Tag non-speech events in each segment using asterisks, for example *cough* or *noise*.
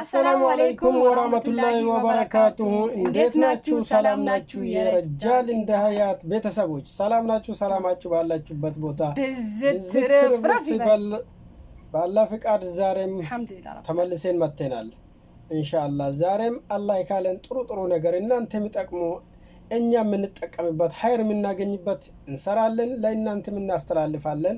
አሰላሙ አለይኩም ወራህመቱላሂ ወበረካቱሁ። እንዴት ናችሁ? ሰላም ናችሁ? የረጃል እንደ ሀያት ቤተሰቦች ሰላም ናችሁ? ሰላማችሁ ባላችሁበት ቦታ ባላ ፍቃድ ዛሬም ተመልሴን መጥተናል። እንሻላ ዛሬም አላህ ይካለን ጥሩ ጥሩ ነገር እናንተ የሚጠቅሙ እኛ የምንጠቀምበት ሀይር የምናገኝበት እንሰራለን፣ ለእናንተም እናስተላልፋለን።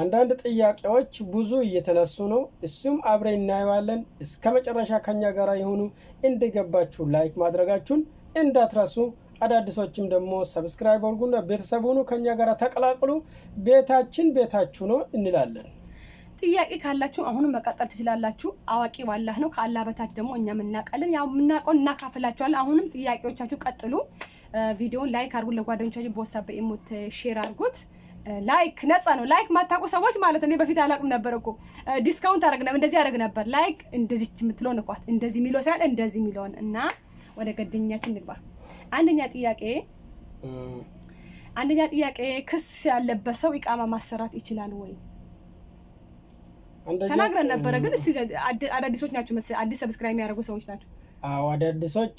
አንዳንድ ጥያቄዎች ብዙ እየተነሱ ነው። እሱም አብረ እናየዋለን። እስከ መጨረሻ ከኛ ጋር የሆኑ እንደገባችሁ ላይክ ማድረጋችሁን እንዳትረሱ። አዳዲሶችም ደግሞ ሰብስክራይብ አድርጉና ቤተሰብ ሁኑ፣ ከኛ ጋር ተቀላቅሉ። ቤታችን ቤታችሁ ነው እንላለን። ጥያቄ ካላችሁ አሁንም መቀጠል ትችላላችሁ። አዋቂ ባላህ ነው። ከአላህ በታች ደግሞ እኛ የምናውቃለን። ያው የምናውቀውን እናካፍላችኋለን። አሁንም ጥያቄዎቻችሁ ቀጥሉ። ቪዲዮ ላይክ አድርጉ። ለጓደኞቻችሁ በወሳብ በኢሞት ሼር አድርጉት። ላይክ ነፃ ነው። ላይክ ማታውቁ ሰዎች ማለት እኔ በፊት አላውቅም ነበር እኮ ዲስካውንት አደረግ ነበር፣ እንደዚህ አደረግ ነበር። ላይክ እንደዚህ የምትለው ንኳት፣ እንደዚህ የሚለው ሳይሆን እንደዚህ የሚለውን እና ወደ ገደኛችን ንግባ። አንደኛ ጥያቄ አንደኛ ጥያቄ ክስ ያለበት ሰው ኢቃማ ማሰራት ይችላል ወይ? ተናግረን ነበረ፣ ግን እስቲ አዳዲሶች ናቸው መሰለኝ አዲስ ሰብስክራይብ የሚያደርጉ ሰዎች ናቸው። አዎ አዳዲሶች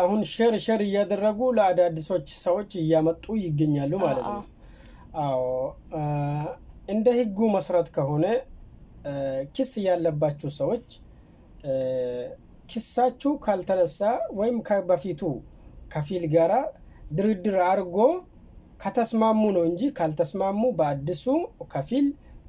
አሁን ሼር ሼር እያደረጉ ለአዳዲሶች ሰዎች እያመጡ ይገኛሉ ማለት ነው። አዎ እንደ ህጉ መሰረት ከሆነ ክስ ያለባችሁ ሰዎች ክሳችሁ ካልተነሳ ወይም በፊቱ ከፊል ጋራ ድርድር አድርጎ ከተስማሙ ነው እንጂ ካልተስማሙ በአዲሱ ከፊል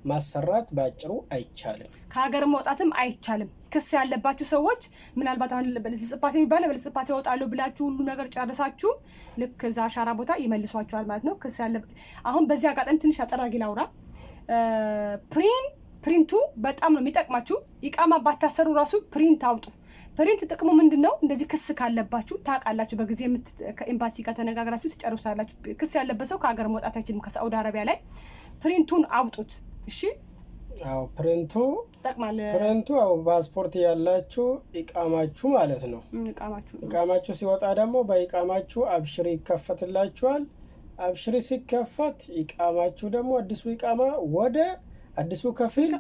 ማሰራት በአጭሩ አይቻልም። ከሀገር መውጣትም አይቻልም። ክስ ያለባችሁ ሰዎች ምናልባት አሁን ልጽፓሴ የሚባለ በልጽፓሴ እወጣለሁ ብላችሁ ሁሉ ነገር ጨርሳችሁ ልክ እዛ አሻራ ቦታ ይመልሷችኋል ማለት ነው። ክስ ያለ አሁን በዚህ አጋጣሚ ትንሽ አጠራጊ ላውራ። ፕሪን ፕሪንቱ በጣም ነው የሚጠቅማችሁ። ይቃማ ባታሰሩ ራሱ ፕሪንት አውጡ። ፕሪንት ጥቅሙ ምንድን ነው? እንደዚህ ክስ ካለባችሁ ታውቃላችሁ። በጊዜ ከኤምባሲ ጋር ተነጋግራችሁ ትጨርሳላችሁ። ክስ ያለበት ሰው ከሀገር መውጣት አይችልም። ከሳዑዲ አረቢያ ላይ ፕሪንቱን አውጡት። እሺ አዎ ፕሪንቱ ይጠቅማል። ፕሪንቱ ያው ፓስፖርት ያላችሁ ኢቃማችሁ ማለት ነው። ኢቃማችሁ ሲወጣ ደግሞ በኢቃማችሁ አብሽሪ ይከፈትላችኋል። አብሽሪ ሲከፈት ኢቃማችሁ ደግሞ አዲሱ ኢቃማ ወደ አዲሱ ከፊል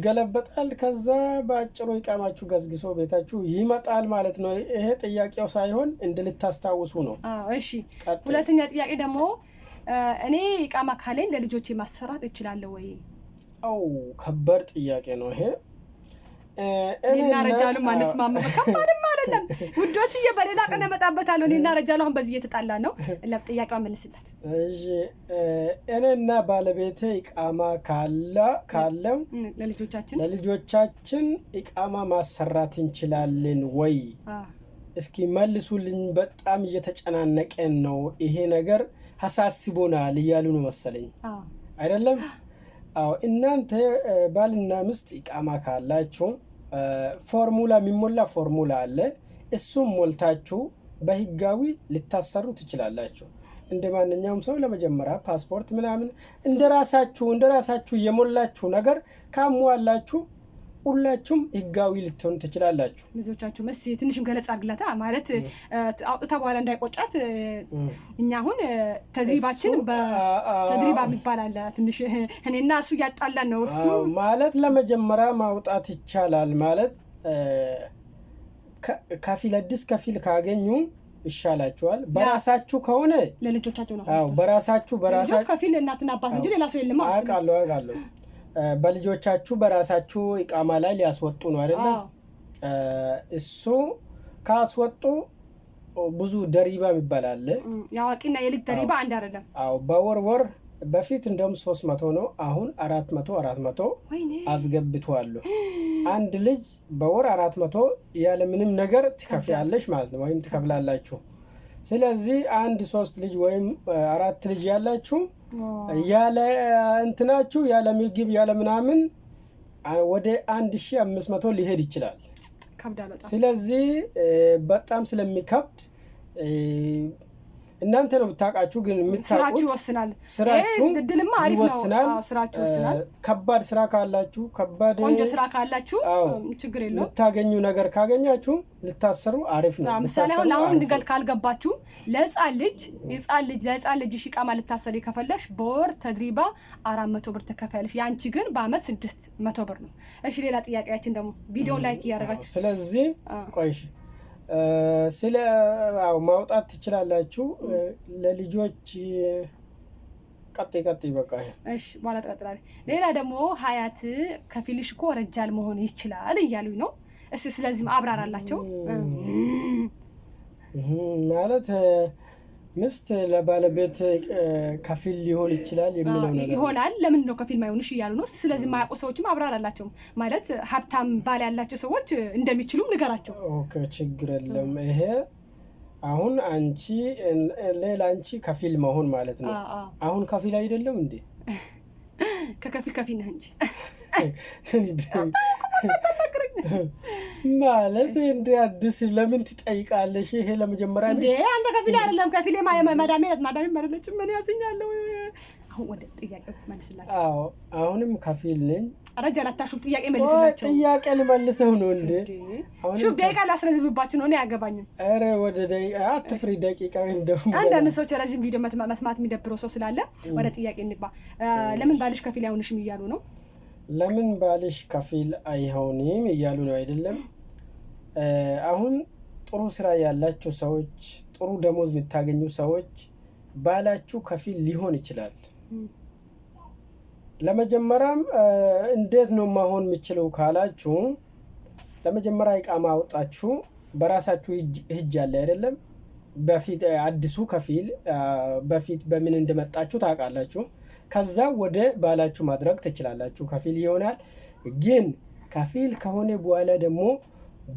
ይገለበጣል። ከዛ በአጭሩ ኢቃማችሁ ገዝግሶ ቤታችሁ ይመጣል ማለት ነው። ይሄ ጥያቄው ሳይሆን እንድልታስታውሱ ነው። እሺ ሁለተኛ ጥያቄ ደግሞ እኔ ኢቃማ ካለኝ ለልጆቼ ማሰራት እችላለሁ ወይ? አው ከባድ ጥያቄ ነው ይሄ። እኔና ረጃሉ አንስማማ። ከባድም አይደለም ውዶች፣ በሌላ ቀን እመጣበታለሁ። እኔና ረጃሉ አሁን በዚህ እየተጣላ ነው። ጥያቄ መልስላት። እሺ እኔና ባለቤቴ ኢቃማ ካለ ካለም ለልጆቻችን ለልጆቻችን ኢቃማ ማሰራት እንችላለን ወይ? እስኪ መልሱልኝ። በጣም እየተጨናነቀን ነው፣ ይሄ ነገር አሳስቦናል እያሉ ነው መሰለኝ አይደለም? አዎ። እናንተ ባልና ሚስት ኢቃማ ካላችሁ ፎርሙላ የሚሞላ ፎርሙላ አለ። እሱም ሞልታችሁ በህጋዊ ልታሰሩ ትችላላችሁ። እንደ ማንኛውም ሰው ለመጀመሪያ ፓስፖርት ምናምን እንደ ራሳችሁ እንደ ራሳችሁ የሞላችሁ ነገር ካሟላችሁ ሁላችሁም ህጋዊ ልትሆኑ ትችላላችሁ። ልጆቻችሁ መስ ትንሽም ገለጽ አድርግላታ ማለት አውጥታ በኋላ እንዳይቆጫት። እኛ አሁን ተድሪባችን ተድሪባ የሚባል አለ። ትንሽ እኔና እሱ እያጣላን ነው። እሱ ማለት ለመጀመሪያ ማውጣት ይቻላል ማለት ከፊል አዲስ ከፊል ካገኙ ይሻላችኋል። በራሳችሁ ከሆነ ለልጆቻቸው ነው። በራሳችሁ በራሳችሁ ከፊል እናትና አባት እንጂ ሌላ ሰው የለም። አውቃለሁ አውቃለሁ በልጆቻችሁ በራሳችሁ ኢቃማ ላይ ሊያስወጡ ነው አይደለ? እሱ ካስወጡ ብዙ ደሪባ የሚባል አለ። የአዋቂና የልጅ ደሪባ አንድ አይደለም። አዎ በወር ወር በፊት እንደውም ሶስት መቶ ነው። አሁን አራት መቶ አራት መቶ አስገብተዋል። *gasps* አንድ ልጅ በወር አራት መቶ ያለ ምንም ነገር ትከፍያለሽ ማለት ነው ወይም ትከፍላላችሁ። ስለዚህ አንድ ሶስት ልጅ ወይም አራት ልጅ ያላችሁ ያለ እንትናችሁ ያለ ምግብ ያለ ምናምን ወደ አንድ ሺ አምስት መቶ ሊሄድ ይችላል። ስለዚህ በጣም ስለሚከብድ እናንተ ነው የምታውቃችሁ፣ ግን የምታውቁት ይወስናል። ስራችሁ ግድልማ አሪፍ ነው። ስራችሁ ይወስናል። ከባድ ስራ ካላችሁ፣ ከባድ ቆንጆ ስራ ካላችሁ ችግር የለውም። የምታገኙ ነገር ካገኛችሁ ልታሰሩ አሪፍ ነው። ምሳሌ አሁን ለአሁን ንገል ካልገባችሁ ለህፃን ልጅ ህፃን ልጅ ለህፃን ልጅ ሽቃማ ልታሰሩ የከፈለሽ በወር ተድሪባ አራት መቶ ብር ትከፍያለሽ። የአንቺ ግን በአመት ስድስት መቶ ብር ነው። እሺ ሌላ ጥያቄያችን ደግሞ ቪዲዮ ላይክ እያደረጋችሁ ስለዚህ ቆይሽ ስለ ማውጣት ትችላላችሁ። ለልጆች ቀጥይ ቀጥይ፣ በቃ እሺ ሌላ ደግሞ ሀያት ከፊልሽ እኮ ረጃል መሆን ይችላል እያሉኝ ነው። እስ ስለዚህም አብራራላቸው ማለት ምስት ለባለቤት ከፊል ሊሆን ይችላል የሚለው ነገር ይሆናል። ለምን ነው ከፊል ማይሆንሽ እያሉ ነው። ስለዚህ የማያውቁ ሰዎችም አብራራላቸው። ማለት ሀብታም ባል ያላቸው ሰዎች እንደሚችሉም ንገራቸው። ኦኬ፣ ችግር የለም። ይሄ አሁን አንቺ ሌላ አንቺ ከፊል መሆን ማለት ነው። አሁን ከፊል አይደለም እንዴ? ከከፊል ከፊል ነህ እንጂ *laughs* ማለት እንደ አዲስ ለምን ትጠይቃለሽ? ይሄ ለመጀመሪያ እንደ አንተ ከፊሌ አይደለም ከፊሌ ማዳሜ ናት። ማዳሜ መረለችም ምን ያዝኛለሁ። አሁን ወደ ጥያቄ መልስላቸው። አዎ አሁንም ከፊል ነኝ። ኧረ ጥያቄ መልስላቸው። ጥያቄ ልመልሰው ነው እንዴ? ሹፍ ደቂቃ ላስረዝምባችሁ ነው። እኔ አያገባኝም። ኧረ ወደ ደቂቃ አትፍሪ። ደቂቃ እንደውም አንዳንድ ሰዎች ረዥም ቪዲዮ መስማት የሚደብረው ሰው ስላለ ወደ ጥያቄ እንግባ። ለምን ባልሽ ከፊል አይሆንሽም እያሉ ነው ለምን ባልሽ ከፊል አይሆንም እያሉ ነው አይደለም? አሁን ጥሩ ስራ ያላቸው ሰዎች፣ ጥሩ ደሞዝ የምታገኙ ሰዎች ባላችሁ ከፊል ሊሆን ይችላል። ለመጀመሪያም እንዴት ነው መሆን የምችለው ካላችሁ ለመጀመሪያ ይቃማ አውጣችሁ በራሳችሁ ህጅ ያለ አይደለም። በፊት አዲሱ ከፊል በፊት በምን እንደመጣችሁ ታውቃላችሁ። ከዛ ወደ ባላችሁ ማድረግ ትችላላችሁ። ከፊል ይሆናል። ግን ከፊል ከሆነ በኋላ ደግሞ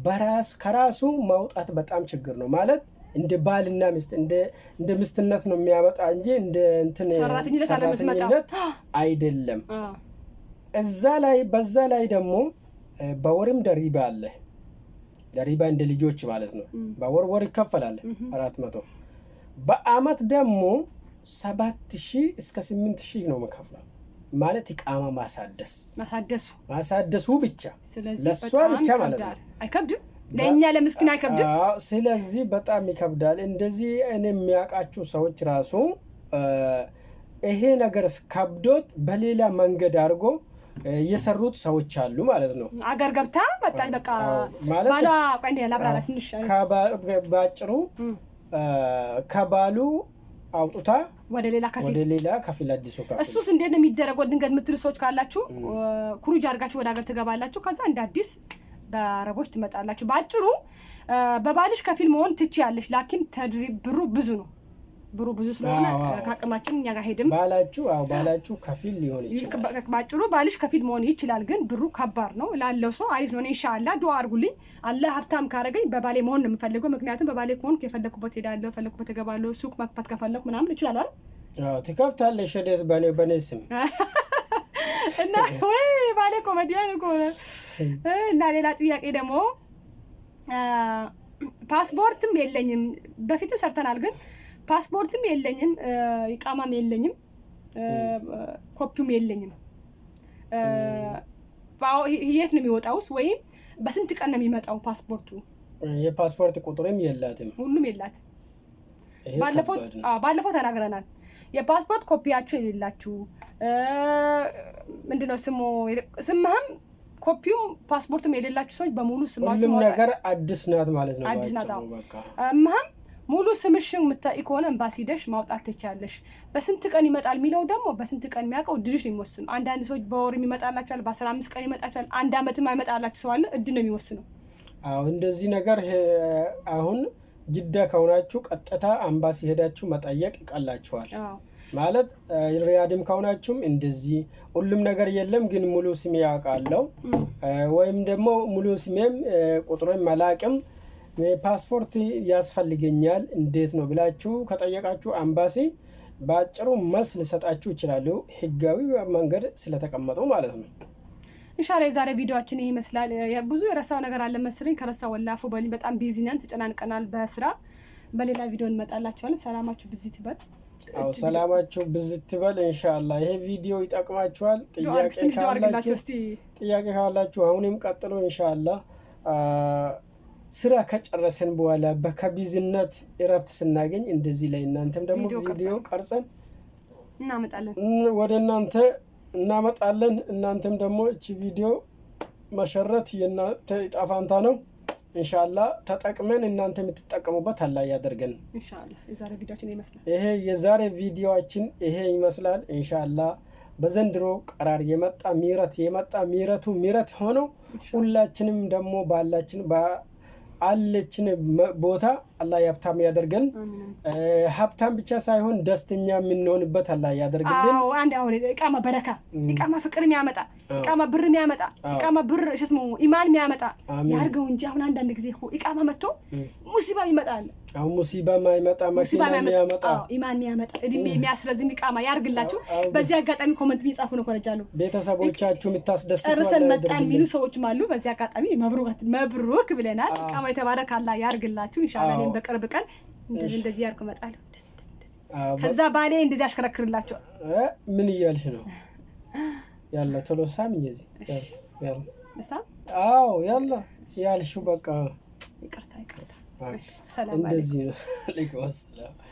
በራስ ከራሱ ማውጣት በጣም ችግር ነው ማለት እንደ ባልና ሚስት እንደ ምስትነት ነው የሚያመጣ እንጂ እንደ እንትን ሰራተኝነት አይደለም። እዛ ላይ በዛ ላይ ደግሞ በወርም ደሪባ አለ። ደሪባ እንደ ልጆች ማለት ነው። በወር ወር ይከፈላለ አራት መቶ በአመት ደግሞ ሰባት ሺህ እስከ ስምንት ሺህ ነው መከፍለው ማለት ይቃማ ማሳደስ ማሳደሱ ማሳደሱ ብቻ ለእሷ ብቻ ማለት ነው። አይከብድም፣ ለእኛ ለምስኪን አይከብድም። ስለዚህ በጣም ይከብዳል። እንደዚህ እኔ የሚያውቃችሁ ሰዎች ራሱ ይሄ ነገር ከብዶት በሌላ መንገድ አድርጎ የሰሩት ሰዎች አሉ ማለት ነው። አገር ገብታ መጣች በቃ ባሏ ባጭሩ ከባሉ አውጡታ ወደ ሌላ ከፊል ወደ ሌላ ከፊል አዲሱ ከፊል እሱስ እንዴት ነው የሚደረገው? ድንገት የምትሉ ሰዎች ካላችሁ ኩሩጅ አድርጋችሁ ወደ ሀገር ትገባላችሁ። ከዛ እንደ አዲስ በአረቦች ትመጣላችሁ። በአጭሩ በባልሽ ከፊል መሆን ትችያለሽ። ላኪን ተድሪብ ብሩ ብዙ ነው። ብሩ ብዙ ስለሆነ ከአቅማችን እኛ ጋር ሄድም ባላችሁ ባላችሁ ከፊል ሊሆን ይችላል። ባጭሩ ባልሽ ከፊል መሆን ይችላል፣ ግን ብሩ ከባድ ነው ላለው ሰው አሪፍ ነው። ኢንሻአላህ ዱአ አድርጉልኝ። አላህ ሀብታም ካረገኝ በባሌ መሆን ነው የምፈልገው። ምክንያቱም በባሌ ከሆንኩ የፈለኩበት ሄዳለሁ፣ የፈለኩበት እገባለሁ። ሱቅ መክፈት ከፈለኩ ምናምን እችላለሁ አይደል? ትከፍታለሽ። ሸደስ በኔ በኔ ስም *laughs* እና ወይ ባሌ ኮሜዲያን እኮ *laughs* እና ሌላ ጥያቄ ደግሞ ፓስፖርትም የለኝም። በፊትም ሰርተናል ግን ፓስፖርትም የለኝም፣ ይቃማም የለኝም፣ ኮፒውም የለኝም። የት ነው የሚወጣውስ? ወይም በስንት ቀን ነው የሚመጣው ፓስፖርቱ? የፓስፖርት ቁጥርም የላትም፣ ሁሉም የላት። ባለፈው ተናግረናል። የፓስፖርት ኮፒያችሁ የሌላችሁ ምንድነው ስሙ ስምህም ኮፒውም ፓስፖርትም የሌላችሁ ሰዎች በሙሉ ስማችሁ ነገር አዲስ ናት ማለት ነው። አዲስ ናት ምህም ሙሉ ስምሽን የምታይ ከሆነ ኤምባሲ ሄደሽ ማውጣት ትችያለሽ። በስንት ቀን ይመጣል የሚለው ደግሞ በስንት ቀን የሚያውቀው እድልሽ ነው የሚወስነው። አንዳንድ ሰዎች በወር የሚመጣላቸዋል፣ በአስራ አምስት ቀን ይመጣቸዋል፣ አንድ አመትም አይመጣላችሁ ሰው አለ። እድል ነው የሚወስነው። አዎ እንደዚህ ነገር አሁን ጅዳ ከሆናችሁ ቀጥታ አምባሲ ሄዳችሁ መጠየቅ ይቀላችኋል። ማለት ሪያድም ከሆናችሁም እንደዚህ ሁሉም ነገር የለም፣ ግን ሙሉ ስሜ ያውቃለው ወይም ደግሞ ሙሉ ስሜም ቁጥሮም መላቅም ፓስፖርት ያስፈልገኛል እንዴት ነው ብላችሁ ከጠየቃችሁ አምባሲ በአጭሩ መልስ ልሰጣችሁ ይችላሉ። ህጋዊ መንገድ ስለተቀመጡ ማለት ነው። እንሻላ የዛሬ ቪዲዮችን ይህ ይመስላል። ብዙ የረሳው ነገር አለ መሰለኝ። ከረሳ ወላፎ በልኝ። በጣም ቢዚ ነን፣ ተጨናንቀናል በስራ። በሌላ ቪዲዮ እንመጣላችኋለን። ሰላማችሁ ብዝት ይበል። አዎ ሰላማችሁ ብዝት ይበል። እንሻላ ይሄ ቪዲዮ ይጠቅማችኋል። ጥያቄ ካላችሁ አሁንም ቀጥሎ እንሻላ ስራ ከጨረሰን በኋላ በከቢዝነት እረፍት ስናገኝ እንደዚህ ላይ እናንተም ደግሞ ቪዲዮ ቀርጸን እናመጣለን ወደ እናንተ እናመጣለን። እናንተም ደግሞ እቺ ቪዲዮ መሸረት የእናንተ ዕጣ ፈንታ ነው። እንሻላ ተጠቅመን እናንተ የምትጠቀሙበት አላህ ያደርገን። ይሄ የዛሬ ቪዲዮችን ይሄ ይመስላል። እንሻላ በዘንድሮ ቀራር የመጣ ሚረት የመጣ ሚረቱ ሚረት ሆነው ሁላችንም ደግሞ ባላችን አለችን ቦታ አላህ የሀብታም ያደርገን። ሀብታም ብቻ ሳይሆን ደስተኛ የምንሆንበት አላህ ያደርግልን። አንድ አሁን ኢቃማ በረካ ቃማ ፍቅር የሚያመጣ ቃማ ብር የሚያመጣ ቃማ ብር ስሙ ኢማን የሚያመጣ ያርገው እንጂ አሁን አንዳንድ ጊዜ ቃማ መጥቶ ሙሲባ ይመጣል። አሁን ሙሲባ ማይመጣ መኪና የሚያመጣ ኢማን የሚያመጣ እድሜ የሚያስረዝም ኢቃማ ያርግላችሁ። በዚህ አጋጣሚ ኮመንት የሚጻፉ ነው ኮረጃሉ ቤተሰቦቻችሁ የምታስደስ ርሰን መጣን የሚሉ ሰዎችም አሉ። በዚህ አጋጣሚ መብሩክ ብለናል። ቃማ የተባረክ አላህ ያርግላችሁ ኢንሻአላህ እኔም በቅርብ ቀን እንደዚህ እንደዚህ ያድርግ እመጣለሁ። ከዛ ባሌ እንደዚህ አሽከረክርላቸዋል። ምን እያልሽ ነው? ያለ ቶሎ ሳም እንደዚህ አዎ፣ ያለ ያልሽው በቃ ይቅርታ፣ ይቅርታ እንደዚህ ነው።